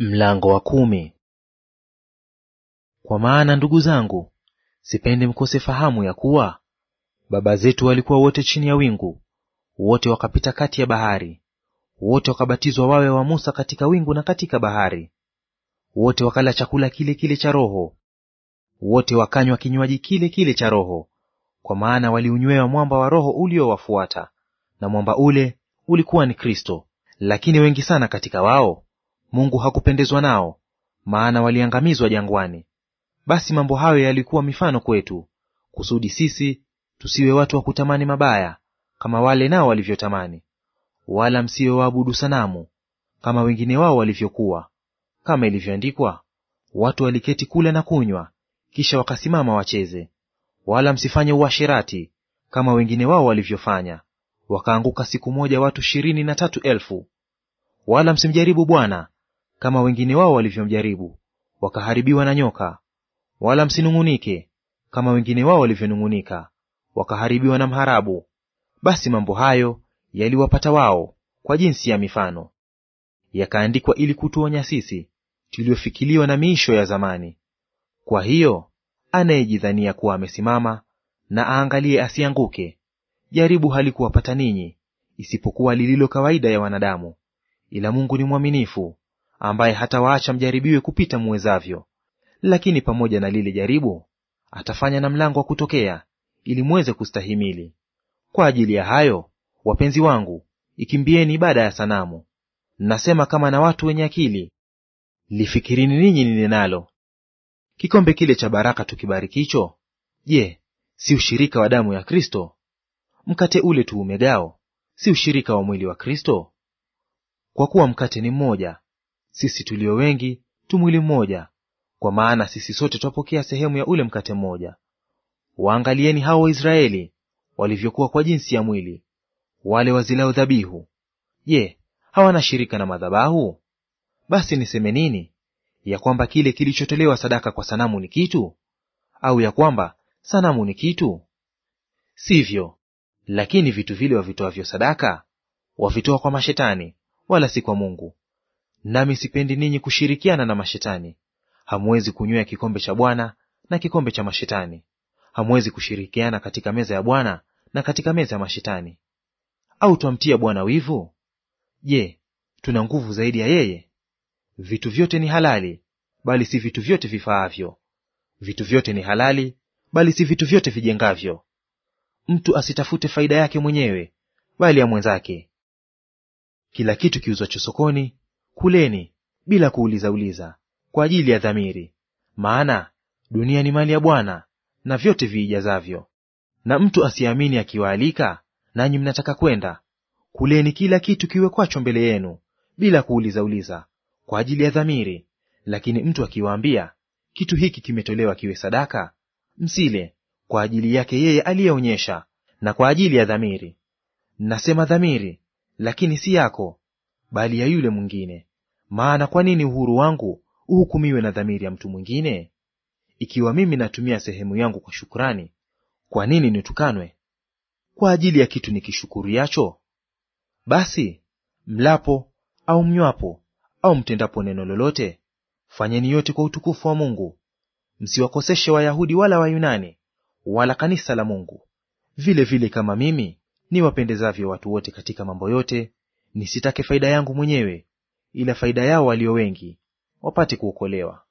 Mlango wa kumi. Kwa maana ndugu zangu, sipende mkose fahamu ya kuwa baba zetu walikuwa wote chini ya wingu, wote wakapita kati ya bahari, wote wakabatizwa wawe wa Musa katika wingu na katika bahari, wote wakala chakula kile kile cha roho, wote wakanywa kinywaji kile kile cha roho, kwa maana waliunywewa mwamba wa roho uliowafuata, na mwamba ule ulikuwa ni Kristo. Lakini wengi sana katika wao Mungu hakupendezwa nao, maana waliangamizwa jangwani. Basi mambo hayo yalikuwa mifano kwetu, kusudi sisi tusiwe watu wa kutamani mabaya, kama wale nao walivyotamani; wala msiwe waabudu sanamu, kama wengine wao walivyokuwa. Kama ilivyoandikwa, watu waliketi kula na kunywa, kisha wakasimama wacheze. Wala msifanye uasherati, kama wengine wao walivyofanya, wakaanguka siku moja watu ishirini na tatu elfu. Wala msimjaribu Bwana, kama wengine wao walivyomjaribu, wakaharibiwa na nyoka. Wala msinung'unike kama wengine wao walivyonung'unika, wakaharibiwa na mharabu. Basi mambo hayo yaliwapata wao kwa jinsi ya mifano, yakaandikwa ili kutuonya sisi tuliofikiliwa na miisho ya zamani. Kwa hiyo anayejidhania kuwa amesimama na aangalie asianguke. Jaribu halikuwapata ninyi, isipokuwa lililo kawaida ya wanadamu, ila Mungu ni mwaminifu, ambaye hatawaacha mjaribiwe kupita muwezavyo, lakini pamoja na lile jaribu atafanya na mlango wa kutokea, ili muweze kustahimili. Kwa ajili ya hayo, wapenzi wangu, ikimbieni ibada ya sanamu. Nasema kama na watu wenye akili, lifikirini ninyi ninenalo. Kikombe kile cha baraka tukibarikicho, je, si ushirika wa damu ya Kristo? Mkate ule tuumegao, si ushirika wa mwili wa Kristo? Kwa kuwa mkate ni mmoja, sisi tulio wengi tu mwili mmoja, kwa maana sisi sote twapokea sehemu ya ule mkate mmoja. Waangalieni hao Waisraeli walivyokuwa kwa jinsi ya mwili, wale wazilao dhabihu. Je, hawana shirika na madhabahu? Basi niseme nini? Ya kwamba kile kilichotolewa sadaka kwa sanamu ni kitu? Au ya kwamba sanamu ni kitu? Sivyo. Lakini vitu vile wavitoavyo sadaka wavitoa kwa mashetani, wala si kwa Mungu, Nami sipendi ninyi kushirikiana na mashetani. Hamwezi kunywea kikombe cha Bwana na kikombe cha mashetani. Hamwezi kushirikiana katika meza ya Bwana na katika meza ya mashetani. Au twamtia Bwana wivu? Je, tuna nguvu zaidi ya yeye? Vitu vyote ni halali, bali si vitu vyote vifaavyo. Vitu vyote ni halali, bali si vitu vyote vijengavyo. Mtu asitafute faida yake mwenyewe, bali ya mwenzake. Kila kitu kiuzwacho sokoni kuleni bila kuuliza uliza kwa ajili ya dhamiri, maana dunia ni mali ya Bwana na vyote viijazavyo. Na mtu asiamini akiwaalika, nanyi mnataka kwenda, kuleni kila kitu kiwekwacho mbele yenu bila kuuliza uliza kwa ajili ya dhamiri. Lakini mtu akiwaambia, kitu hiki kimetolewa kiwe sadaka, msile kwa ajili yake yeye aliyeonyesha na kwa ajili ya dhamiri. Nasema dhamiri, lakini si yako, bali ya yule mwingine. Maana kwa nini uhuru wangu uhukumiwe na dhamiri ya mtu mwingine? Ikiwa mimi natumia sehemu yangu kwa shukrani, kwa nini nitukanwe kwa ajili ya kitu nikishukuriacho? Basi mlapo au mnywapo au mtendapo neno lolote, fanyeni yote kwa utukufu wa Mungu. Msiwakoseshe Wayahudi wala Wayunani wala kanisa la Mungu, vile vile kama mimi niwapendezavyo watu wote katika mambo yote, nisitake faida yangu mwenyewe, ila faida yao walio wengi wapate kuokolewa.